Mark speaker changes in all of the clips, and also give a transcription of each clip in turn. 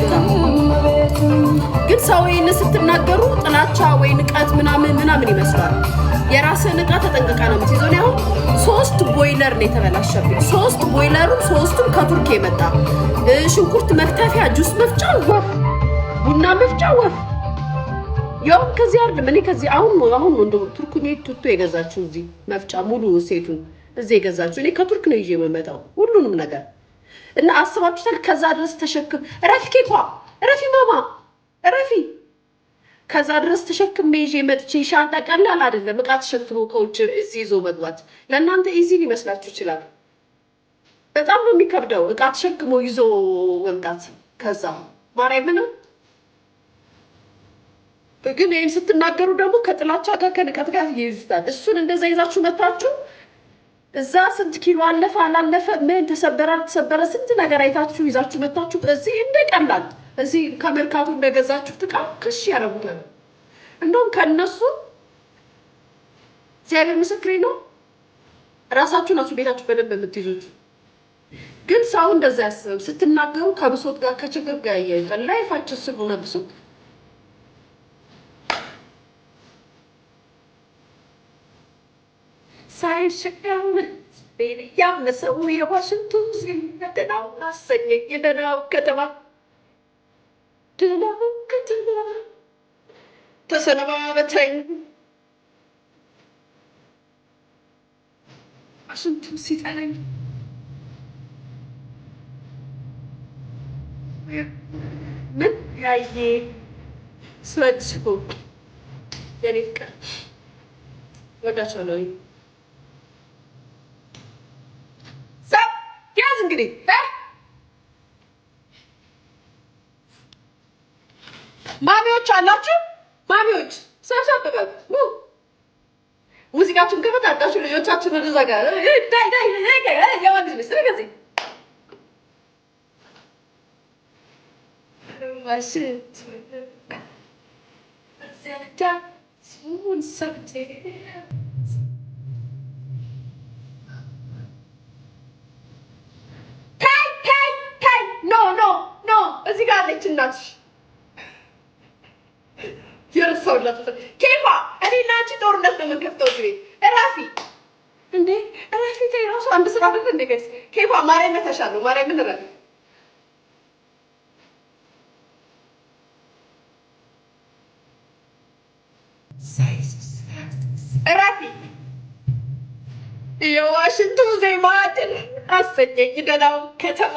Speaker 1: በጣም ግን ሰው ይህን ስትናገሩ ጥላቻ ወይ ንቀት ምናምን ምናምን ይመስላል። የራስህን እቃ ተጠንቅቃ ነው የምትይዘው። እኔ አሁን ሶስት ቦይለር ነው የተበላሸብኝ። ሶስት ቦይለሩን ሶስቱም ከቱርክ የመጣ ሽንኩርት መክተፊያ፣ ጁስ መፍጫ ወፍ፣ ቡና መፍጫ ወፍ ያው ከዚህ አይደለም እኔ ከዚህ አሁን አሁን ወንዶ ቱርኩ ቱቶ የገዛችው እዚህ መፍጫ ሙሉ ሴቱን እዚህ የገዛችው እኔ ከቱርክ ነው ይዤ የምመጣው ሁሉንም ነገር እና አስባችሁታል? ከዛ ድረስ ተሸክም ረፊ ኬኳ ረፊ ማማ ረፊ ከዛ ድረስ ተሸክም ይዤ መጥቼ ሻንጣ ቀላል አይደለም። እቃ ተሸክሞ ከውጭ እዚህ ይዞ መግባት ለእናንተ ኢዚ ሊመስላችሁ ይችላል። በጣም ነው የሚከብደው እቃ ተሸክሞ ይዞ መምጣት። ከዛ ማርያምን ግን ይህን ስትናገሩ ደግሞ ከጥላቻ ጋር ከንቀት ጋር ይይዝታል። እሱን እንደዛ ይዛችሁ መታችሁ እዛ ስንት ኪሎ አለፈ አላለፈ ምን ተሰበረ አልተሰበረ ስንት ነገር አይታችሁ ይዛችሁ መታችሁ እዚህ እንደቀላል እዚህ ከመርካቱ እንደገዛችሁ ትቃ ክሽ ያደረጉታል። እንደውም ከእነሱ እግዚአብሔር ምስክሬ ነው ራሳችሁ ናችሁ ቤታችሁ በደንብ የምትይዙት። ግን ሰው እንደዚ ያስብ ስትናገሩ ከብሶት ጋር ከችግር ጋር እያይዛል ላይፋችሁ ስለሆነ ብሶት ቤን እያመሰው የዋሽንቱ ደናው አሰኘኝ የደናው ከተማ ደናው ከተማ ተሰነባበተኝ ዋሽንቱ ሲጠለኝ ምን ያየ ስበጅ ወደ እንግዲህ ማሚዎች አላችሁ። ማሚዎች ሰብሰብ በሉ። ሙዚቃችሁን ከፈታታችሁ ልጆቻችሁን እዛ ጋር ዳይ የት እናትሽ የረሳሁላት ኬኳ እኔ እና አንቺ ጦርነት ነው የምንከፍተው እዚህ እራፊ እንዴ እራፊ ተይ እራሱ አንድ ስራ አይደል ጋይስ እራፊ የዋሽንቱ ዜማ አሰኘኝ ከተማ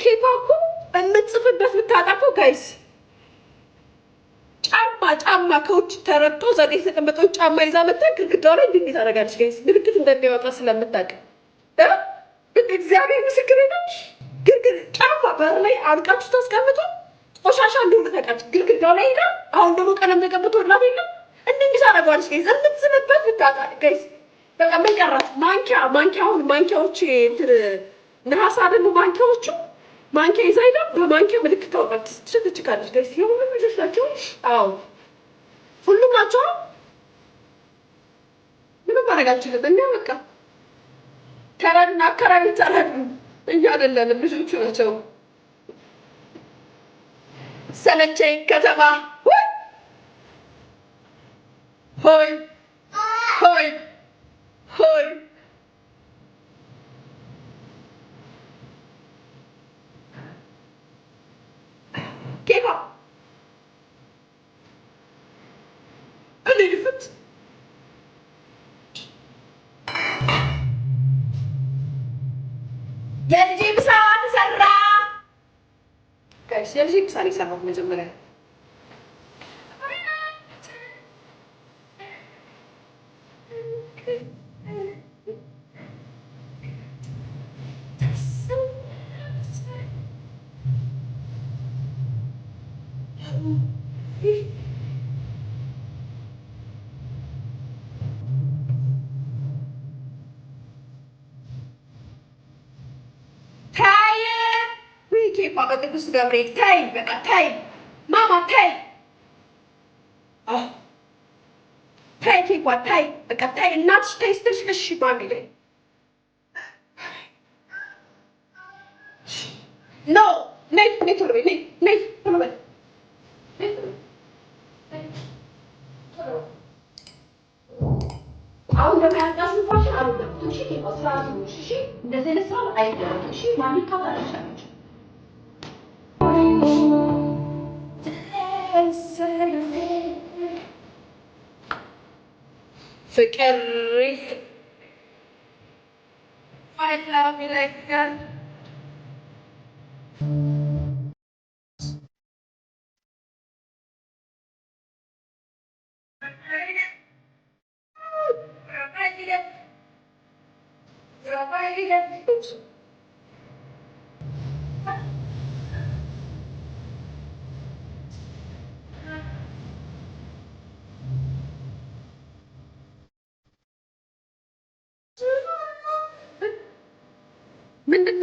Speaker 1: ኬታ እኮ የምትጽፍበት ብታጠፈው ጋይስ ጫማ ጫማ ከውጭ ተረቶ ዘዴ የተቀመጠው ጫማ ይዛ መታ ግድግዳው ላይ እንዴት ታደርጋለች። ጋይስ ምልክት እንደሚያወጣ ስለምታውቅ እግዚአብሔር ምስክር ነው። ግርግር ጫማ በር ላይ አብቃችሁ ተስቀምጦ ቆሻሻ እንደሆነ ተቀምጥ ግርግዳው ላይ ሄዳ አሁን ደግሞ ቀለም ተቀብቶ ወላት የለም እንዲህ ታደርጋለች። ጋይስ የምትጽፍበት ብታጣ ጋይስ በቃ ምን ቀራት? ማንኪያ ማንኪያውን ማንኪያዎች እንትን ነሐስ አይደሉ ማንኪያዎቹ ማንኪያ ይዛ ሄዳ በማንኪያ ምልክት ታወጣለች፣ ትችግችጋለች። ጋይስ የሁሉም ልጆች ናቸው። አዎ ሁሉም ናቸው። ምንም ማድረግ አልችልም። እና በቃ ተረድና አከራቢ ተረድ እኛ አይደለንም፣ ልጆቹ ናቸው። ሰለቸኝ ከተማ ሆይ ሆይ ሆይ ስለዚህ ምሳሌ ሰራሁ መጀመሪያ ቅዱስ ገብርኤል ተይ፣ በቃ ተይ ማማ ተይ፣ ተይ ኬኳ ተይ፣ በቃ ተይ እናትሽ ተይ ስትልሽ እሺ ማሚ ኖ እንደዚህ አይነት ስራ አይደለም فكرس وعلى ملكا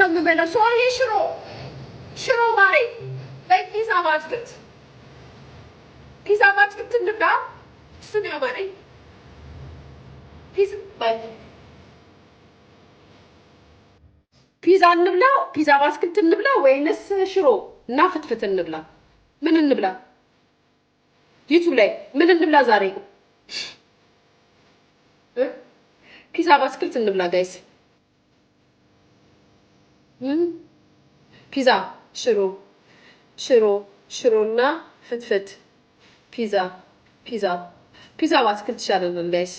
Speaker 1: የምበላው ሶሪ ሽሮ ሽሮ ማሬ በኢዛ ማትክት ኢዛ ማትክት እንብላ። እሱን ያማረኝ ፒዛ እንብላ፣ ፒዛ ባስክት እንብላ ወይንስ ሽሮ እና ፍትፍት እንብላ? ምን እንብላ? ዩቱብ ላይ ምን እንብላ ዛሬ? ፒዛ ባስክት እንብላ ጋይስ። ፒዛ ሽሮ ሽሮ ሽሮና ፍትፍት ፒዛ ፒዛ ፒዛ በአትክልት ይሻለናል ጋይስ።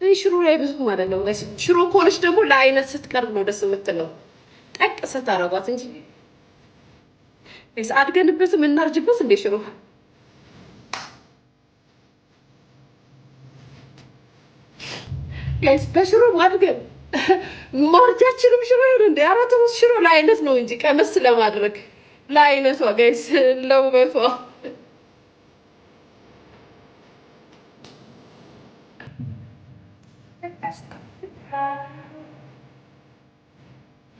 Speaker 1: እኔ ሽሮ ላይ ብዙም አይደለም ጋይስ። ሽሮ ከሆነች ደግሞ ለአይነት ስትቀርብ ነው ደስ የምትለው ጠቅ ስታረጓት እንጂ ጋይስ። አድገንበትም እናርጅበት እንዴ ሽሮ ጋይስ፣ በሽሮ አድገን ማጃችንም ሽሮ ይሁን እንደ አራት ውስጥ ሽሮ ለአይነት ነው እንጂ ቀመስ ለማድረግ ለአይነቷ ጋይስ ለውበቷ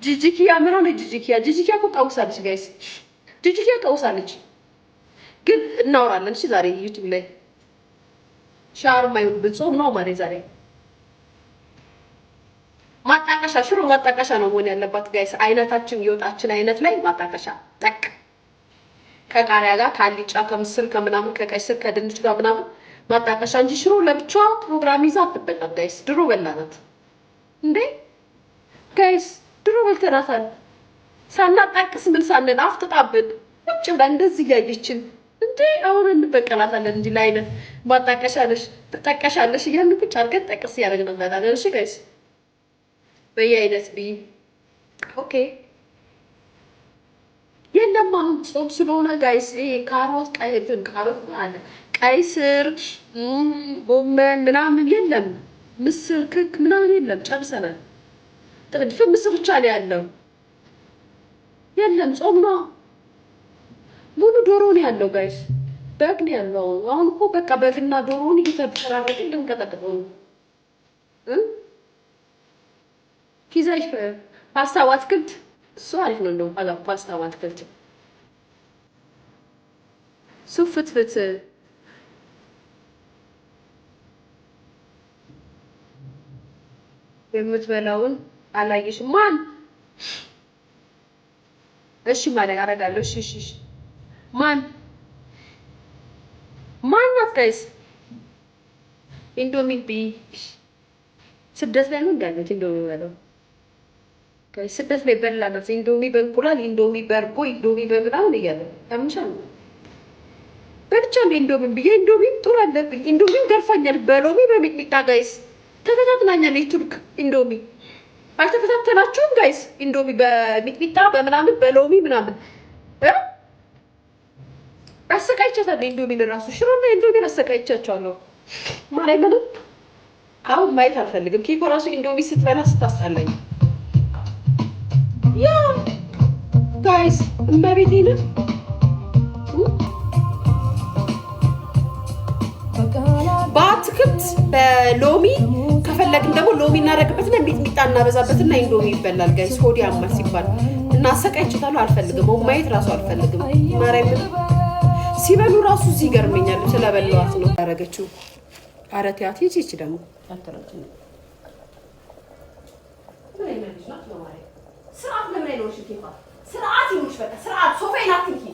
Speaker 1: ጂጂኪያ ምራ ነው። ጂጂኪያ ጂጂኪያ እኮ ቀውሳለች ጋይስ፣ ጂጂኪያ ቀውሳለች። ግን እናወራለን ዛሬ ዩቲዩብ ላይ ሻርማ ይሁን ብጾም ነው ማለት ዛሬ ማጣቀሻ ሽሮ ማጣቀሻ ነው መሆን ያለባት ጋይስ። አይነታችን የወጣችን አይነት ላይ ማጣቀሻ ጠቅ ከቃሪያ ጋር ከአልጫ ከምስር ከምናምን ከቀይ ስር ከድንች ጋር ምናምን ማጣቀሻ እንጂ ሽሮ ለብቻዋ ፕሮግራም ይዛ አትበላም ጋይስ። ድሮ በላናት እንዴ ጋይስ፣ ድሮ በልተናታል። ሳናጣቅስ ምን ሳንል አፍጥጣብን ቁጭ ብላ እንደዚህ እያየችን እንዴ አሁን እንበቀላታለን እንጂ ለአይነት ማጣቀሻለሽ ትጠቀሻለሽ እያልን ቁጭ አድርገን ጠቅስ እያደረግንበታለን። እሺ ጋይስ በየ አይነት ብይ። ኦኬ የለም አሁን ጾም ስለሆነ ጋይስ ካሮት ካሮት አለ ቀይ ስር ጎመን ምናምን የለም፣ ምስር ክክ ምናምን የለም። ጨርሰናል። ጥቅድፍ ምስር ብቻ ነው ያለው። የለም ጾም ነው። ሙሉ ዶሮ ነው ያለው ጋይስ፣ በግ ነው ያለው። አሁን እኮ በቃ በግና ዶሮውን እየተፈራረቅን ልንቀጠቅጠው ኪዛሽ ፓስታ አትክልት እሱ አሪፍ ነው። እንደውም ፓጋ ፓስታ አትክልት እሱ ፍትፍት የምትበላውን አላየሽ ማን? እሺ ማለት አደርጋለሁ። እሺ እሺ እሺ ማን ማን ናት ጋይስ? ኢንዶሚ ቢ ስደት ላይ ነው እንዳለች ኢንዶሚ በለው ስደት ላይ በላለሁ። ኢንዶሚ በእንቁላል ኢንዶሚ በእርጎ ኢንዶሚ በምናምን እያለ ከምንሻል በልቻ ኢንዶሚን ብዬ ኢንዶሚን ጥሩ አለብኝ። ኢንዶሚን ገርፋኛል። በሎሚ በሚጥሚጣ ጋይስ ተፈታትናኛል። ቱርክ ኢንዶሚ አልተፈታተናችሁም ጋይስ? ኢንዶሚ በሚጥሚጣ በምናምን በሎሚ ምናምን አሰቃይቻታለሁ። ኢንዶሚን ራሱ ሽሮና ኢንዶሚን አሰቃይቻቸዋለሁ። ማለ ምንም አሁን ማየት አልፈልግም። ኬኮ ራሱ ኢንዶሚ ስትበላ ስታስጠላኝ ያ ጋይስ እመቤቴ በአትክልት በሎሚ ከፈለግን ደግሞ ሎሚ እናደርግበትና ሚጥሚጣ እናበዛበትና ኢንዶሚ ይበላል። ጋይስ ሆድ ያማል ሲባል እና አሰቃይችታሉ። አልፈልግም ማየት ራሱ አልፈልግም። ማርያምን ሲበሉ ራሱ እዚህ ይገርመኛል። ስለበለዋት ነው ያደረገችው። አረትያት ይቺ ደግሞ ስርዓት ለምን አይኖርሽ? ኬፋ ስርዓት ይኖርሽ። በቃ ስርዓት ሶፋዬን አትንኪ።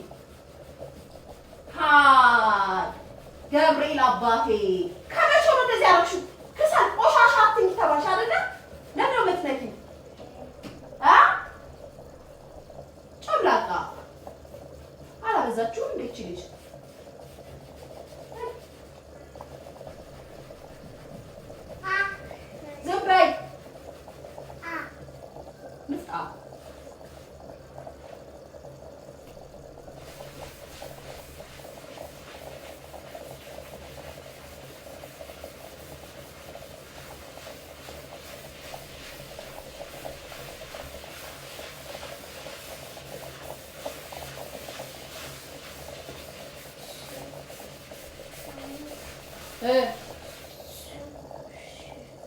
Speaker 1: ገብርኤል አባቴ ከመቼ ነው እንደዚህ ያደረግሽው? ክሰል ቆሻሻ አትንኪ ተባልሽ አይደለ? ለምን ነው የምትነኪ? ጨምላቃ አላበዛችሁም? እንዴች ልጅ ዝም በይ Ah. Eh.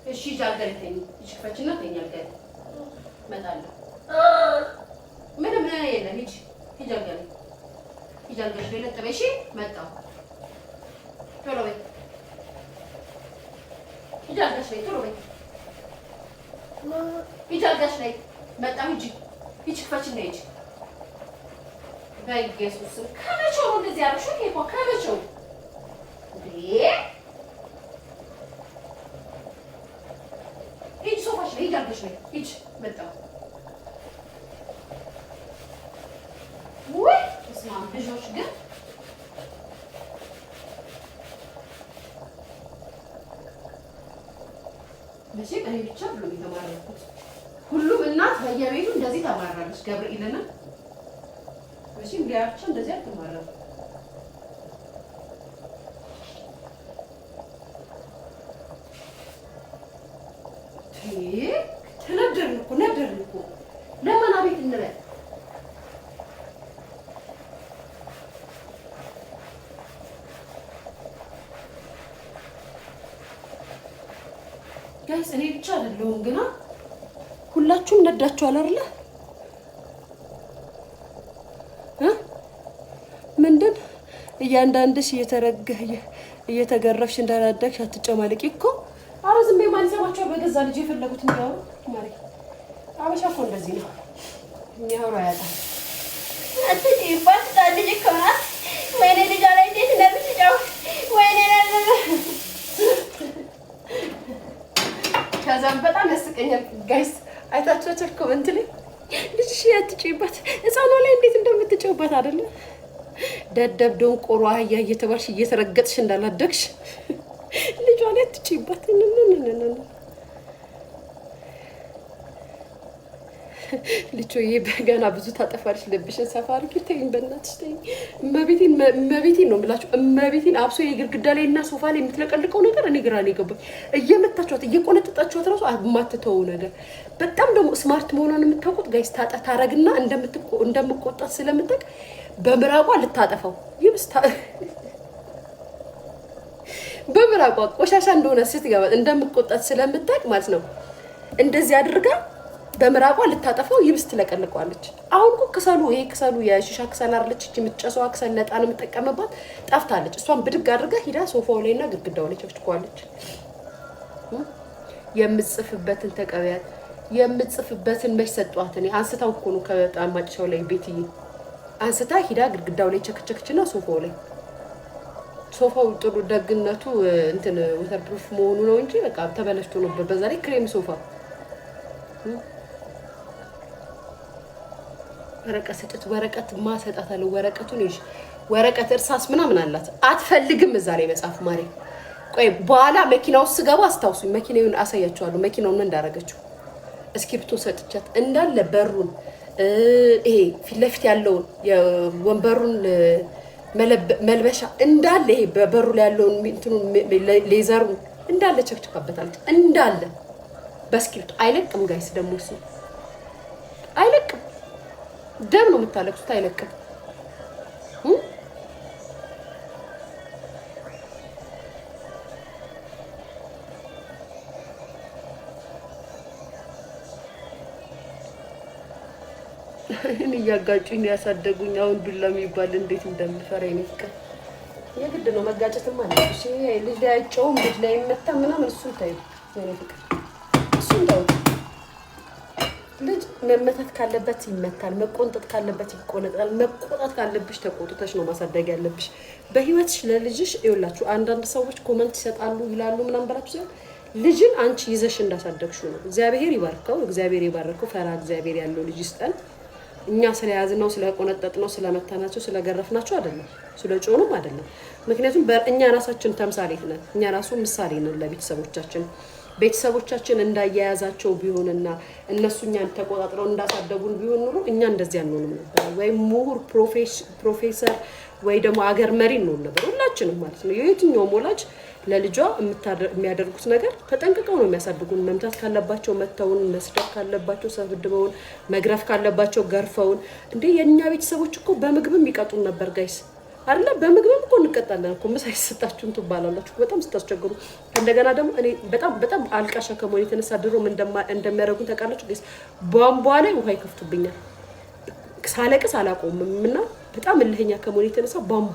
Speaker 1: E sci già al terreno, ci faccio tegna al terreno. አድርገሽ ነይ ሂጅ። መጣሁ ወይ እስማ ልጆች ግን መቼም እኔ ብቻ ብሎ የተማረኩት ሁሉም እናት በየቤቱ እንደዚህ ተማራለች። መቼም እንደዚህ ገብቷችኋል አይደለ? ምንድን እያንዳንድሽ እየተረገህ እየተገረፍሽ እንዳላደግሽ አትጨማልቂ እኮ። አረ ዝም በገዛ ልጅ የፈለጉት አበሻ እኮ እንደዚህ ነው። ከዛም በጣም ያስቀኛል ጋይስ አይታችኋቸል ኮመንት ላይ ልጅሽ ያትጪባት ህፃኗ ላይ እንዴት እንደምትጨውባት አይደለም። ደደብ ደንቆሮ አህያ እየተባልሽ እየተረገጥሽ እንዳላደግሽ ልጇን ያትጭባት። ልጆ በገና ብዙ ታጠፋልሽ። ልብሽን ሰፋ አድርጊ። ተይኝ፣ በእናትሽ ተይኝ። እመቤቴን እመቤቴን ነው የምላችሁ። እመቤቴን አብሶ የግድግዳ ላይ እና ሶፋ ላይ የምትለቀልቀው ነገር እኔ ግራ ነው የገባኝ። እየመታችኋት እየቆነጠጣችኋት እራሱ የማትተወው ነገር በጣም ደግሞ ስማርት መሆኗን የምታውቁት ጋይስ ታጣ ታረግና እንደምቆጣት ስለምጠቅ በምራቋ ልታጠፋው ይብስታ በምራቋ ቆሻሻ እንደሆነ ስትገባ እንደምቆጣት ስለምጠቅ ማለት ነው እንደዚህ አድርጋ በምራቋ ልታጠፋው ይብስ ትለቀልቀዋለች። አሁን እኮ ክሰሉ ይሄ ክሰሉ የሺሻ ክሰል አለች እች የምትጨሰዋ ክሰል ለዕጣን የምጠቀምባት ጠፍታለች። እሷን ብድግ አድርገ ሂዳ ሶፋው ላይ እና ግድግዳው ላይ ቸፍችኳለች። የምጽፍበትን ተቀበያት የምጽፍበትን መች ሰጧት? እኔ አንስታው እኮ ነው ከዕጣን ማጨሻው ላይ ቤትዬ አንስታ ሂዳ ግድግዳው ላይ ቸክቸክች ና ሶፋው ላይ ሶፋው ጥሩ ደግነቱ እንትን ወተርፕሩፍ መሆኑ ነው እንጂ በቃ ተበለሽቶ ነበር። በዛ ላይ ክሬም ሶፋ ወረቀት ስጭት፣ ወረቀት ማሰጣት አለ። ወረቀቱን ይሽ ወረቀት እርሳስ ምናምን አላት። አትፈልግም እዛ ላይ መጽሐፍ ማሪ። ቆይ በኋላ መኪና ውስጥ ስገባ አስታውሱኝ። መኪናውን አሳያችኋለሁ። መኪናውን እንዳረገችው እስክሪብቶ ሰጥቻት እንዳለ በሩን ይሄ ፊት ለፊት ያለውን የወንበሩን መልበሻ እንዳለ ይሄ በበሩ ላይ ያለውን እንትኑን ሌዘሩን እንዳለ ቸክቸካበታለች። እንዳለ በእስክሪብቶ አይለቅም። ጋይስ ደግሞ እሱ አይለቅም። ደም ነው የምታለቅሱት፣ አይለቅም። እኔ እያጋጩኝ ነው ያሳደጉኝ። አሁን ዱላ የሚባል እንዴት እንደምፈራ ይነፍቃል። የግድ ነው መጋጨትም አለ። ልጅ ላይ አይጨውም፣ ልጅ ላይ ይመታ ምናምን እሱን ታዩ ፍቅር ልጅ መመታት ካለበት ይመታል፣ መቆንጠጥ ካለበት ይቆነጣል መቆጣት ካለብሽ ተቆጥተሽ ነው ማሳደግ ያለብሽ በህይወትሽ ለልጅሽ። ይኸውላችሁ አንዳንድ ሰዎች ኮመንት ይሰጣሉ ይላሉ ምናምን በላችሁ ሲሆን ልጅን አንቺ ይዘሽ እንዳሳደግሽው ነው። እግዚአብሔር ይባርከው፣ እግዚአብሔር ይባርከው። ፈራ እግዚአብሔር ያለው ልጅ ይስጠን። እኛ ስለያዝነው ስለቆነጠጥነው፣ ስለመታናቸው፣ ስለገረፍናቸው አይደለም፣ ስለ ጮኑም አይደለም። ምክንያቱም እኛ ራሳችን ተምሳሌት ነን። እኛ ራሱ ምሳሌ ነን ለቤተሰቦቻችን ቤተሰቦቻችን እንዳያያዛቸው ቢሆንና እነሱ እኛን ተቆጣጥረው እንዳሳደጉን ቢሆን ኑሮ እኛ እንደዚህ አንሆንም ነበር። ወይም ምሁር ፕሮፌሰር ወይ ደግሞ አገር መሪ እንሆን ነበር፣ ሁላችንም ማለት ነው። የየትኛውም ወላጅ ለልጇ የሚያደርጉት ነገር ተጠንቅቀው ነው የሚያሳድጉን። መምታት ካለባቸው መተውን፣ መስደብ ካለባቸው ሰብድበውን፣ መግረፍ ካለባቸው ገርፈውን። እንዴ የእኛ ቤተሰቦች እኮ በምግብም ይቀጡን ነበር ጋይስ አይደለ? በምግብም እኮ እንቀጣለን እኮ ምሳ አይሰጣችሁም ትባላላችሁ። በጣም ስታስቸግሩ። እንደገና ደግሞ እኔ በጣም በጣም አልቃሻ ከመሆን የተነሳ ድሮም እንደሚያደርጉን ተቃላችሁ። ስ ቧንቧ ላይ ውሃ ይከፍቱብኛል። ሳለቅስ አላቆምም እና በጣም እልህኛ ከመሆን የተነሳ ቧንቧ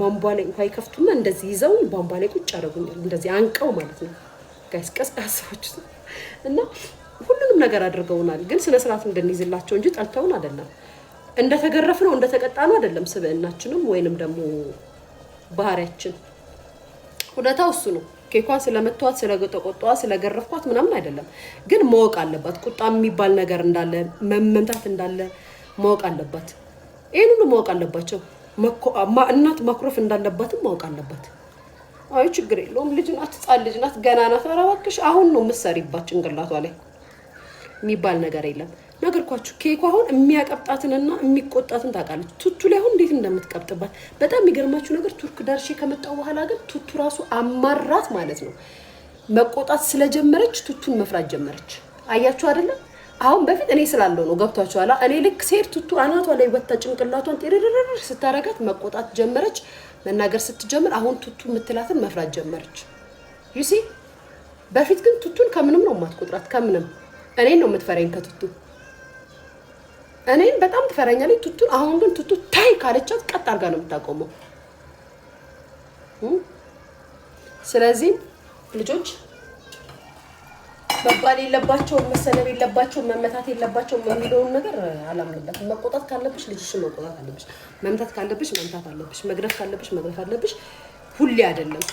Speaker 1: ቧንቧ ላይ ውሃ ይከፍቱና እንደዚህ ይዘው ቧንቧ ላይ ቁጭ ያደርጉኛል። እንደዚህ አንቀው ማለት ነው ጋይስ፣ ቀስቃሳዎች እና ሁሉንም ነገር አድርገውናል። ግን ስነስርዓት እንድንይዝላቸው እንጂ ጠልተውን አይደለም። እንደተገረፍ ነው እንደተቀጣ ነው አይደለም። ስብዕናችንም ወይንም ደግሞ ባህሪያችን ሁኔታው እሱ ነው። ኬኳን ስለመተዋት ስለተቆጣዋ ስለገረፍኳት ምናምን አይደለም። ግን ማወቅ አለባት ቁጣ የሚባል ነገር እንዳለ መመንታት እንዳለ ማወቅ አለባት። ይህን ሁሉ ማወቅ አለባቸው። እናት ማኩረፍ እንዳለባትም ማወቅ አለባት። አይ ችግር የለውም ልጅ ናት፣ ህፃን ልጅ ናት፣ ገና ናት። ኧረ እባክሽ አሁን ነው የምትሰሪባት ጭንቅላቷ ላይ የሚባል ነገር የለም። ነገርኳችሁ። ኬኩ አሁን የሚያቀብጣትንና የሚቆጣትን ታውቃለች። ቱቱ ላይ አሁን እንዴት እንደምትቀብጥባት በጣም የሚገርማችሁ ነገር ቱርክ ዳርሼ ከመጣው በኋላ ግን ቱቱ ራሱ አማራት ማለት ነው። መቆጣት ስለጀመረች ቱቱን መፍራት ጀመረች። አያችሁ አይደለም? አሁን በፊት እኔ ስላለው ነው። ገብቷችኋላ። እኔ ልክ ሴር ቱቱ አናቷ ላይ ወታ ጭንቅላቷን ጤርርር ስታረጋት መቆጣት ጀመረች። መናገር ስትጀምር አሁን ቱቱ የምትላትን መፍራት ጀመረች። ዩሲ በፊት ግን ቱቱን ከምንም ነው የማትቆጥራት ከምንም። እኔን ነው የምትፈረኝ ከቱቱ እኔም በጣም ትፈረኛለች ቱቱን። አሁን ግን ቱቱ ታይ ካለቻት ቀጥ አድርጋ ነው የምታቆመው። ስለዚህ ልጆች መባል የለባቸውም መሰለብ የለባቸውም መመታት የለባቸውም የሚለውን ነገር አላምንበትም። መቆጣት ካለብሽ ልጅሽ መቆጣት አለብሽ፣ መምታት ካለብሽ መምታት አለብሽ፣ መግረፍ ካለብሽ መግረፍ አለብሽ። ሁሌ አይደለም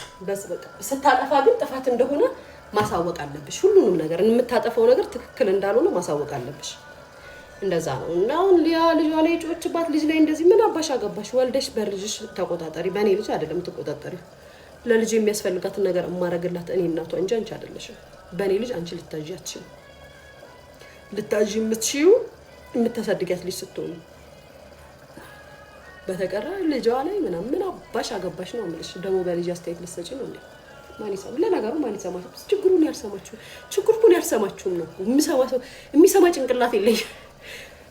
Speaker 1: ስታጠፋ ግን ጥፋት እንደሆነ ማሳወቅ አለብሽ። ሁሉንም ነገር የምታጠፈው ነገር ትክክል እንዳልሆነ ማሳወቅ አለብሽ። እንደዛ ነው እና አሁን ሊያ ልጇ ላይ የጮችባት ልጅ ላይ እንደዚህ ምን አባሽ አገባሽ? ወልደሽ በልጅሽ ተቆጣጠሪ። በእኔ ልጅ አይደለም ተቆጣጠሪ። ለልጅ የሚያስፈልጋትን ነገር እማረግላት እኔ እናቷ እንጂ አንቺ አይደለሽም። በእኔ ልጅ አንቺ ልታዥ አትችይም። ልታዥ የምትችዩ የምታሳድጊያት ልጅ ስትሆኑ፣ በተቀረ ልጇ ላይ ምናምን ምን አባሽ አገባሽ ነው የምልሽ። ደግሞ በልጅ አስተያየት ልትሰጪ ነው እንዴ? ማን ለነገሩ ማን ይሰማ? ችግሩን ያልሰማችሁ ችግሩን ያልሰማችሁም ነው የሚሰማ ጭንቅላት የለኝም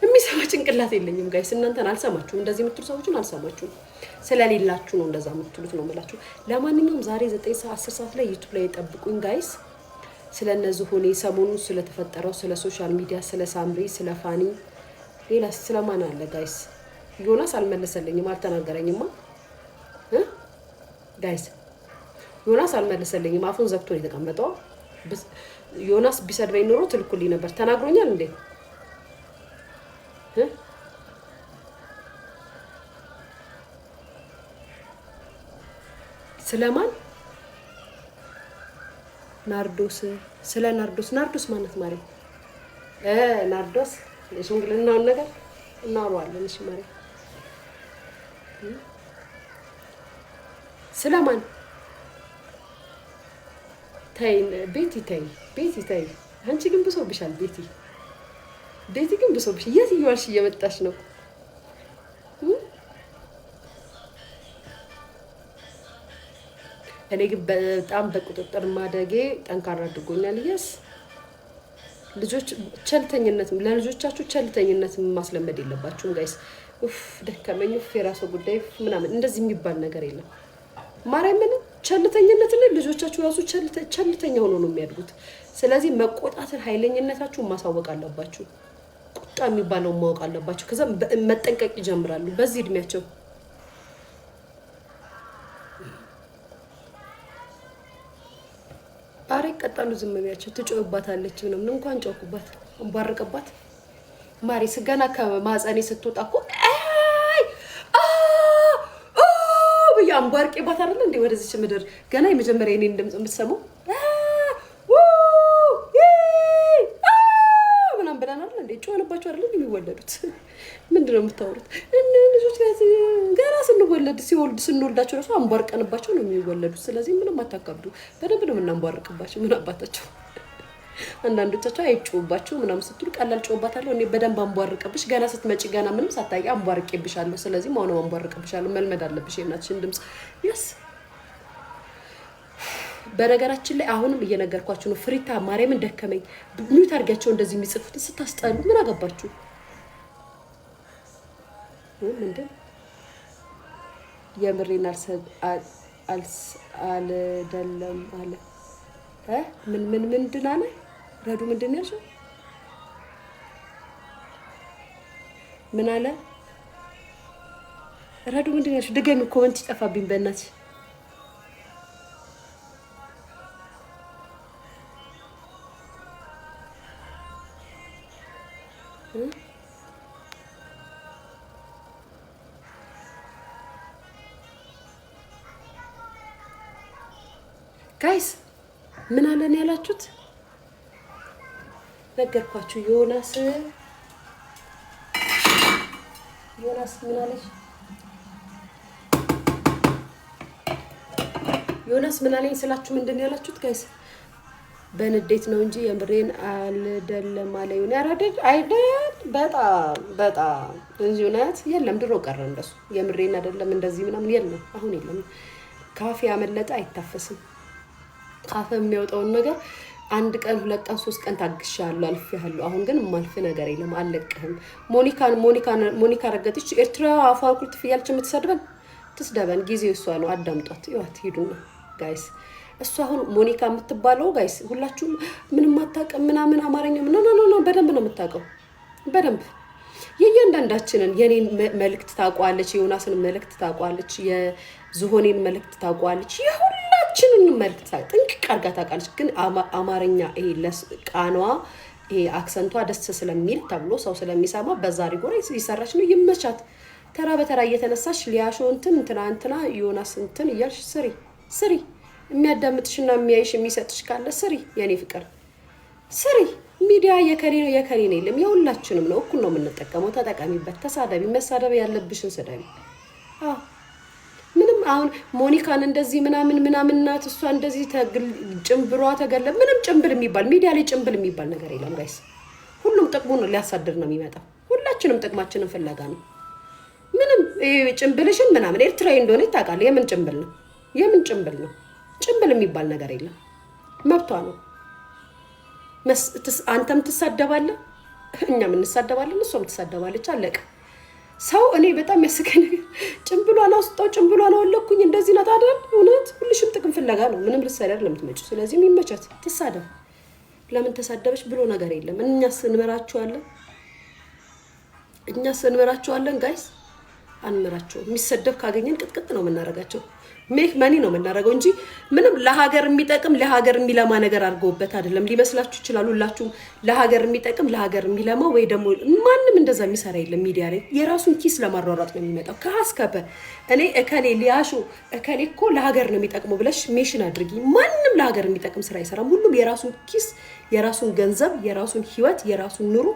Speaker 1: የሚሰማ ጭንቅላት የለኝም ጋይስ። እናንተን አልሰማችሁም፣ እንደዚህ የምትሉ ሰዎችን አልሰማችሁም። ስለሌላችሁ ነው እንደዛ የምትሉት ነው የምላችሁ። ለማንኛውም ዛሬ ዘጠኝ ሰዓት አስር ሰዓት ላይ ዩቱብ ላይ የጠብቁኝ ጋይስ። ስለነዚህ ሆኔ ሰሞኑን ስለተፈጠረው ስለ ሶሻል ሚዲያ ስለ ሳምሪ ስለ ፋኒ ሌላ ስለማን አለ ጋይስ? ዮናስ አልመለሰልኝም፣ አልተናገረኝማ ጋይስ። ዮናስ አልመለሰልኝም፣ አፉን ዘግቶ ነው የተቀመጠው። ዮናስ ቢሰድበኝ ኖሮ ትልኩልኝ ነበር። ተናግሮኛል እንዴ? ስለማን? ናርዶስ። ስለ ናርዶስ። ናርዶስ ማለት ማርያም እ ናርዶስ የሽምግልናውን ነገር እናውራለን። እሺ ማርያም ስለማን? ተይ ቤቲ፣ ተይ ቤቲ፣ ተይ አንቺ ግን ብሶብሻል ቤቲ። ቤቲ ግን ብሶብሽ። የት እየዋልሽ እየመጣሽ ነው? እኔ ግን በጣም በቁጥጥር ማደጌ ጠንካራ አድርጎኛል። የስ ልጆች ቸልተኝነት ለልጆቻችሁ ቸልተኝነት ማስለመድ የለባችሁም ጋይስ። ኡፍ ደከመኝ፣ ኡፍ የራሱ ጉዳይ ምናምን እንደዚህ የሚባል ነገር የለም። ማርያምን ቸልተኝነት ላይ ልጆቻችሁ ራሱ ቸልተኛ ሆኖ ነው የሚያድጉት። ስለዚህ መቆጣትን፣ ኃይለኝነታችሁን ማሳወቅ አለባችሁ። ቁጣ የሚባለውን ማወቅ አለባችሁ። ከዛ መጠንቀቅ ይጀምራሉ በዚህ እድሜያቸው። አንዱ ዝም ቢያቸው ትጮህባታለች ምናምን። እንኳን ጮኩባት እንቧርቅባት ማሪ ስገና ከማፀኔ ስትወጣ እኮ ብዬ ባት አለ እንዴ ወደዚች ምድር ገና የመጀመሪያ የኔን ድምፅ የምትሰማው ምናም ብለን አለ እንዴ ጮህንባቸው አይደለ የሚወለዱት ምንድነው ነው የምታወሩት? ልጆች ገና ስንወለድ ሲወልድ ስንወልዳቸው ራሱ አንቧርቀንባቸው ነው የሚወለዱት። ስለዚህ ምንም አታካብዱ። በደንብ ነው የምናንቧርቅባቸው። ምን አባታቸው አንዳንዶቻቸው አይጮባቸው ምናምን ስትሉ ቀላል ጮባታለሁ እኔ በደንብ አንቧርቅብሽ። ገና ስትመጪ ገና ምንም ሳታውቂ አንቧርቄብሻለሁ። ስለዚህ ማሆነው አንቧርቅብሻለሁ። መልመድ አለብሽ የእናትሽን ድምፅ ስ በነገራችን ላይ አሁንም እየነገርኳችሁ ነው። ፍሪታ ማርያምን ደከመኝ ሚዩት አድርጊያቸው እንደዚህ የሚጽፉትን ስታስጠሉ ምን አገባችሁ? ምንድን የምሬን አልደለም አለ። ምን ምን ምንድን አለ ረዱ ምንድን ያልሽው? ምን አለ ረዱ ምንድን ያልሽው? ድገሚ፣ ኮመንት ይጠፋብኝ በእናትሽ ምን አለን ያላችሁት? ነገርኳችሁ። ዮናስ ዮናስ ምን አለሽ? ዮናስ ምን አለኝ ስላችሁ ምንድን ነው ያላችሁት? ጋይስ በንዴት ነው እንጂ የምሬን አልደለም አለ ዮና ያረደድ አይደል? በጣም በጣም እንጂ ዮናስ የለም፣ ድሮ ቀረ እንደሱ። የምሬን አይደለም እንደዚህ ምናምን የለም፣ አሁን የለም። ካፌ ያመለጠ አይታፈስም። ካፈ የሚያወጣውን ነገር አንድ ቀን ሁለት ቀን ሶስት ቀን ታግሻለሁ፣ አልፌያለሁ። አሁን ግን ማልፍ ነገር የለም፣ አልለቅህም። ሞኒካን ሞኒካ ረገጥች ኤርትራ አፏን ኩልት ፍያለች። የምትሰድበን ትስደበን፣ ጊዜ እሷ ነው። አዳምጧት፣ ይዋት፣ ነው ጋይስ። እሷ አሁን ሞኒካ የምትባለው ጋይስ፣ ሁላችሁም ምንም አታውቅም ምናምን አማርኛ ምናና በደንብ ነው የምታውቀው፣ በደንብ የእያንዳንዳችንን የኔን መልእክት ታቋለች የዮናስን መልእክት ታቋለች የዝሆኔን መልእክት ታቋለች ይሁ ሁላችንንም መልክት ሳይ ጥንቅቅ አድርጋ ታውቃለች። ግን አማርኛ ቃኗ አክሰንቷ ደስ ስለሚል ተብሎ ሰው ስለሚሰማ በዛ ሪጎራ ይሰራች ነው። ይመቻት። ተራ በተራ እየተነሳሽ ሊያሾ እንትን እንትና እንትና ዮናስ እንትን እያልሽ ስሪ ስሪ። የሚያዳምጥሽና የሚያይሽ የሚሰጥሽ ካለ ስሪ። የኔ ፍቅር ስሪ። ሚዲያ የከኔ ነው የከኔ ነው የለም፣ የሁላችንም ነው። እኩል ነው የምንጠቀመው። ተጠቃሚበት። ተሳደቢ፣ መሳደብ ያለብሽን ስደቢ። አሁን ሞኒካን እንደዚህ ምናምን ምናምን ናት እሷ እንደዚህ ጭንብሯ ተገለ ምንም ጭንብል የሚባል ሚዲያ ላይ ጭንብል የሚባል ነገር የለም ጋይስ። ሁሉም ጥቅሙን ሊያሳድር ነው የሚመጣው። ሁላችንም ጥቅማችንን ፍለጋ ነው። ምንም ጭንብልሽን ምናምን ኤርትራዊ እንደሆነ ይታወቃል። የምን ጭንብል ነው? የምን ጭንብል ነው? ጭንብል የሚባል ነገር የለም። መብቷ ነው። አንተም ትሳደባለህ፣ እኛም እንሳደባለን፣ እሷም ትሳደባለች። አለቀ። ሰው እኔ በጣም ያስቀኝ ነገር ጭምብሏን አውስጣው ጭምብሏን አወለኩኝ እንደዚህ ናት አይደል? እውነት ሁልሽም ጥቅም ፍለጋ ነው። ምንም ልትሰሪ አይደለም የምትመጪው። ስለዚህ የሚመቻት ትሳደብ። ለምን ተሳደበች ብሎ ነገር የለም። እኛ ስንመራችኋለን፣ እኛ ስንመራችኋለን። ጋይስ አንመራቸውም። የሚሰደብ ካገኘን ቅጥቅጥ ነው የምናደርጋቸው። ሜክ መኒ ነው የምናደርገው እንጂ ምንም ለሀገር የሚጠቅም ለሀገር የሚለማ ነገር አድርገውበት አይደለም። ሊመስላችሁ ይችላል ሁላችሁም። ለሀገር የሚጠቅም ለሀገር የሚለማ ወይ ደግሞ ማንም እንደዛ የሚሰራ የለም። ሚዲያ ላይ የራሱን ኪስ ለማሯሯጥ ነው የሚመጣው። ከሀስከበ እኔ እከሌ ሊያሹ እከሌ እኮ ለሀገር ነው የሚጠቅመው ብለሽ ሜሽን አድርጊ። ማንም ለሀገር የሚጠቅም ስራ አይሰራም። ሁሉም የራሱን ኪስ፣ የራሱን ገንዘብ፣ የራሱን ህይወት፣ የራሱን ኑሮ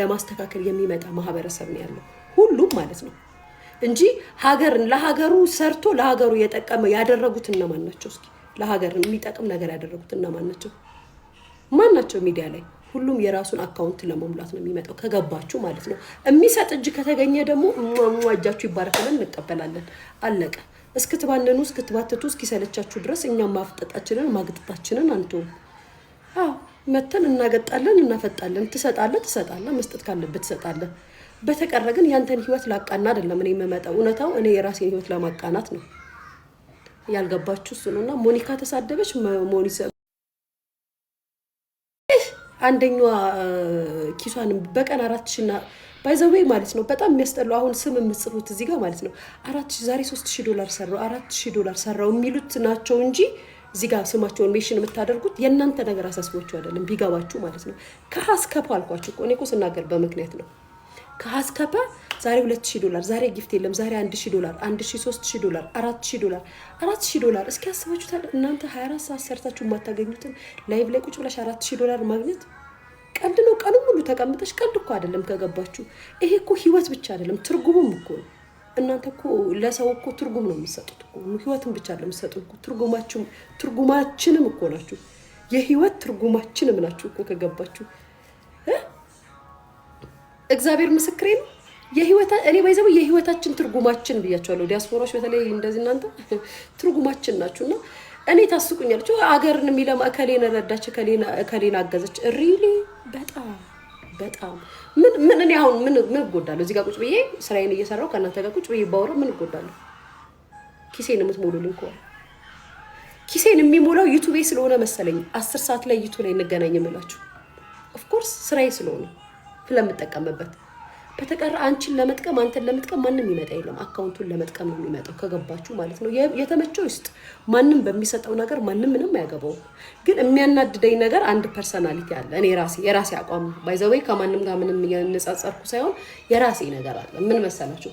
Speaker 1: ለማስተካከል የሚመጣ ማህበረሰብ ነው ያለው ሁሉም ማለት ነው። እንጂ ሀገርን ለሀገሩ ሰርቶ ለሀገሩ የጠቀመ ያደረጉት እነማን ናቸው? እስኪ ለሀገር የሚጠቅም ነገር ያደረጉት እነማን ናቸው? ማን ናቸው? ሚዲያ ላይ ሁሉም የራሱን አካውንት ለመሙላት ነው የሚመጣው፣ ከገባችሁ ማለት ነው። የሚሰጥ እጅ ከተገኘ ደግሞ እጃችሁ ይባረካለን፣ እንቀበላለን። አለቀ። እስክትባንኑ፣ እስክትባትቱ፣ እስኪሰለቻችሁ ድረስ እኛም ማፍጠጣችንን ማግጠጣችንን አንተውም። አዎ መተን እናገጣለን፣ እናፈጣለን። ትሰጣለህ፣ ትሰጣለህ። መስጠት ካለብህ ትሰጣለህ። በተቀረ ግን ያንተን ህይወት ላቃና አይደለም እኔ የምመጣው። እውነታው እኔ የራሴን ህይወት ለማቃናት ነው። ያልገባችሁ እሱ ነው። እና ሞኒካ ተሳደበች። ሞኒሰ አንደኛዋ ኪሷን በቀን አራት ሺ እና ባይዘዌ ማለት ነው። በጣም የሚያስጠሉ አሁን ስም የምጽፉት እዚህ ጋር ማለት ነው። አራት ሺ ዛሬ ሶስት ሺ ዶላር ሰራው አራት ሺ ዶላር ሰራው የሚሉት ናቸው እንጂ እዚህ ጋር ስማቸውን ሜሽን የምታደርጉት የእናንተ ነገር አሳስቦቸው አይደለም። ቢገባችሁ ማለት ነው። ከሀ እስከ ፖ አልኳችሁ እኮ እኔ እኮ ስናገር በምክንያት ነው። ከሀስከፐ ዛሬ 2000 ዶላር፣ ዛሬ ጊፍት የለም፣ ዛሬ 1000 ዶላር፣ 1000፣ 3000 ዶላር፣ 4000 ዶላር፣ 4000 ዶላር። እስኪ አስባችሁታል እናንተ 24 ሰዓት ሰርታችሁ የማታገኙትን ላይቭ ላይ ቁጭ ብላሽ 4000 ዶላር ማግኘት ቀልድ ነው። ቀኑ ሙሉ ተቀምጠሽ ቀልድ እኮ አይደለም። ከገባችሁ ይሄ እኮ ህይወት ብቻ አይደለም ትርጉሙም እኮ ነው። እናንተ እኮ ለሰው እኮ ትርጉም ነው የምትሰጡት እኮ ህይወትን ብቻ አይደለም የምትሰጡት እኮ ትርጉማችሁም ትርጉማችንም እኮ ናችሁ። የህይወት ትርጉማችንም ናችሁ እኮ ከገባችሁ እግዚአብሔር ምስክሬ ነው። የህይወታ እኔ ባይዘው የህይወታችን ትርጉማችን ብያቸዋለሁ። ዲያስፖራዎች በተለይ እንደዚህ እናንተ ትርጉማችን እና እኔ ታስቁኛለች። አገርን የሚለማ እከሌን ረዳች፣ እከሌን አገዘች። ሪሊ በጣም በጣም ምን ምን እኔ አሁን ምን ምን እጎዳለሁ? እዚህ ጋር ቁጭ ብዬ ስራዬን እየሰራው ከእናንተ ጋር ቁጭ ብዬ ባወራ ምን እጎዳለሁ? ኪሴን የምትሞሉልኝ ከሆነ ኪሴን የሚሞላው ዩቱቤ ስለሆነ መሰለኝ አስር ሰዓት ላይ ዩቱ ላይ እንገናኝ የምላችሁ ኦፍኮርስ ስራዬ ስለሆነ ስለምጠቀምበት በተቀረ አንቺን ለመጥቀም አንተን ለመጥቀም ማንም ይመጣ የለም። አካውንቱን ለመጥቀም ነው የሚመጣው፣ ከገባችሁ ማለት ነው። የተመቸው ውስጥ ማንም በሚሰጠው ነገር ማንም ምንም አያገባውም። ግን የሚያናድደኝ ነገር አንድ ፐርሰናሊቲ አለ። እኔ ራሴ የራሴ አቋም ባይዘወይ ከማንም ጋር ምንም እያነጻጸርኩ ሳይሆን የራሴ ነገር አለ። ምን መሰላችሁ?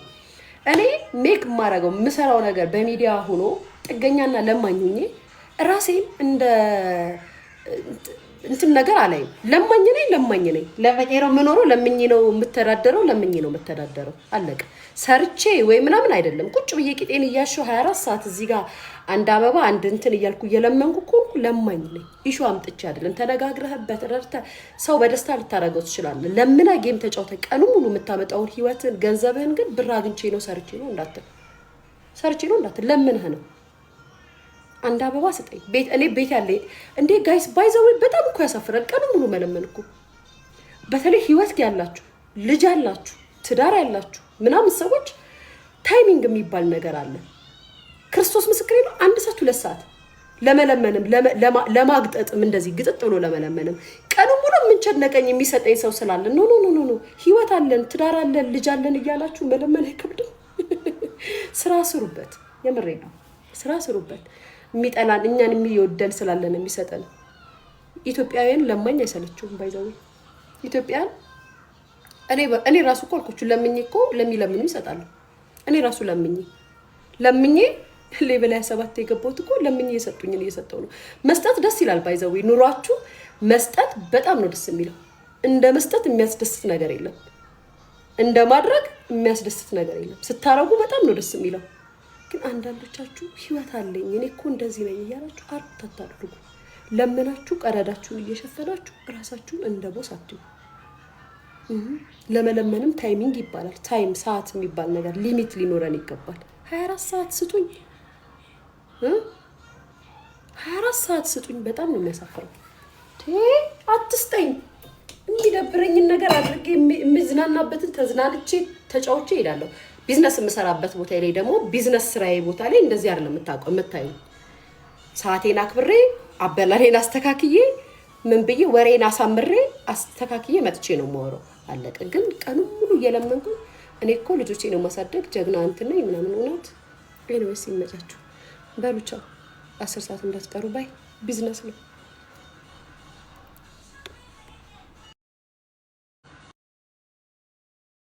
Speaker 1: እኔ ሜክ የማደርገው የምሰራው ነገር በሚዲያ ሆኖ ጥገኛና ለማኝ ራሴ። ራሴን እንደ እንትን ነገር አላይም። ለማኝ ነኝ ለማኝ ነኝ ለማኝ ነው የምኖረው፣ ለምኝ ነው የምተዳደረው፣ ለምኝ ነው የምተዳደረው። አለቀ። ሰርቼ ወይ ምናምን አይደለም። ቁጭ ብዬ ቂጤን እያሸው 24 ሰዓት እዚህ ጋር አንድ አበባ አንድ እንትን እያልኩ እየለመንኩ ኮንኩ ለማኝ ነኝ። ኢሹ አምጥቼ አይደለም። ተነጋግረህበት ረድተህ ሰው በደስታ ልታደርገው ትችላለህ። ለምና ጌም ተጫውተህ ቀኑ ሙሉ የምታመጣውን ህይወትን ገንዘብህን ግን ብር አግኝቼ ነው ሰርቼ ነው እንዳትል ሰርቼ ነው እንዳትል ለምንህ ነው አንድ አበባ ስጠኝ። ቤት እኔ ቤት ያለ እንዴ ጋይስ ባይዘው በጣም እኮ ያሳፍራል። ቀኑ ሙሉ መለመን በተለይ ህይወት ያላችሁ ልጅ ያላችሁ ትዳር ያላችሁ ምናምን ሰዎች ታይሚንግ የሚባል ነገር አለ። ክርስቶስ ምስክር ነው። አንድ ሰዓት ሁለት ሰዓት ለመለመንም ለማግጠጥም እንደዚህ ግጥጥ ብሎ ለመለመንም ቀኑ ሙሉ የምንቸነቀኝ የሚሰጠኝ ሰው ስላለ ኖ ኖ ኖ ኖ ህይወት አለን ትዳር አለን ልጅ አለን እያላችሁ መለመን አይከብድም። ስራ ስሩበት። የምሬ ነው። ስራ ስሩበት። የሚጠላን እኛን የሚወደን ስላለን የሚሰጠን። ኢትዮጵያውያን ለማኝ አይሰለችውም። ባይዘው ኢትዮጵያን እኔ ራሱ እኮ አልኩችሁ ለምኝ እኮ ለሚለምኑ ይሰጣሉ። እኔ ራሱ ለምኝ ለምኝ ሌበል ሃያ ሰባት የገባሁት እኮ ለምኝ እየሰጡኝን እየሰጠው ነው። መስጠት ደስ ይላል። ባይዘዊ ኑሯችሁ መስጠት በጣም ነው ደስ የሚለው። እንደ መስጠት የሚያስደስት ነገር የለም። እንደ ማድረግ የሚያስደስት ነገር የለም። ስታረጉ በጣም ነው ደስ የሚለው። ግን አንዳንዶቻችሁ ህይወት አለኝ እኔ እኮ እንደዚህ ነኝ እያላችሁ አርፍ አታድርጉ። ለምናችሁ ቀዳዳችሁን እየሸፈናችሁ እራሳችሁን እንደ ቦስ አትዩ። ለመለመንም ታይሚንግ ይባላል። ታይም ሰዓት የሚባል ነገር ሊሚት ሊኖረን ይገባል። ሀያ አራት ሰዓት ስጡኝ፣ ሀያ አራት ሰዓት ስጡኝ። በጣም ነው የሚያሳፍረው። አትስጠኝ። የሚደብረኝን ነገር አድርጌ የምዝናናበትን ተዝናንቼ ተጫውቼ እሄዳለሁ። ቢዝነስ የምሰራበት ቦታ ላይ ደግሞ ቢዝነስ ስራዬ ቦታ ላይ እንደዚህ አይደለም የምታውቀው የምታዩ ሰዓቴን አክብሬ አበላሌን አስተካክዬ ምን ብዬ ወሬን አሳምሬ አስተካክዬ መጥቼ ነው የማወራው። አለቀ። ግን ቀኑ ሙሉ እየለመንኩ እኔ እኮ ልጆቼ ነው ማሳደግ ጀግና እንትን ምናምን እውነት። ኤኒዌይስ ይመጫችሁ። በሉቻው አስር ሰዓት እንዳትቀሩ ባይ። ቢዝነስ ነው።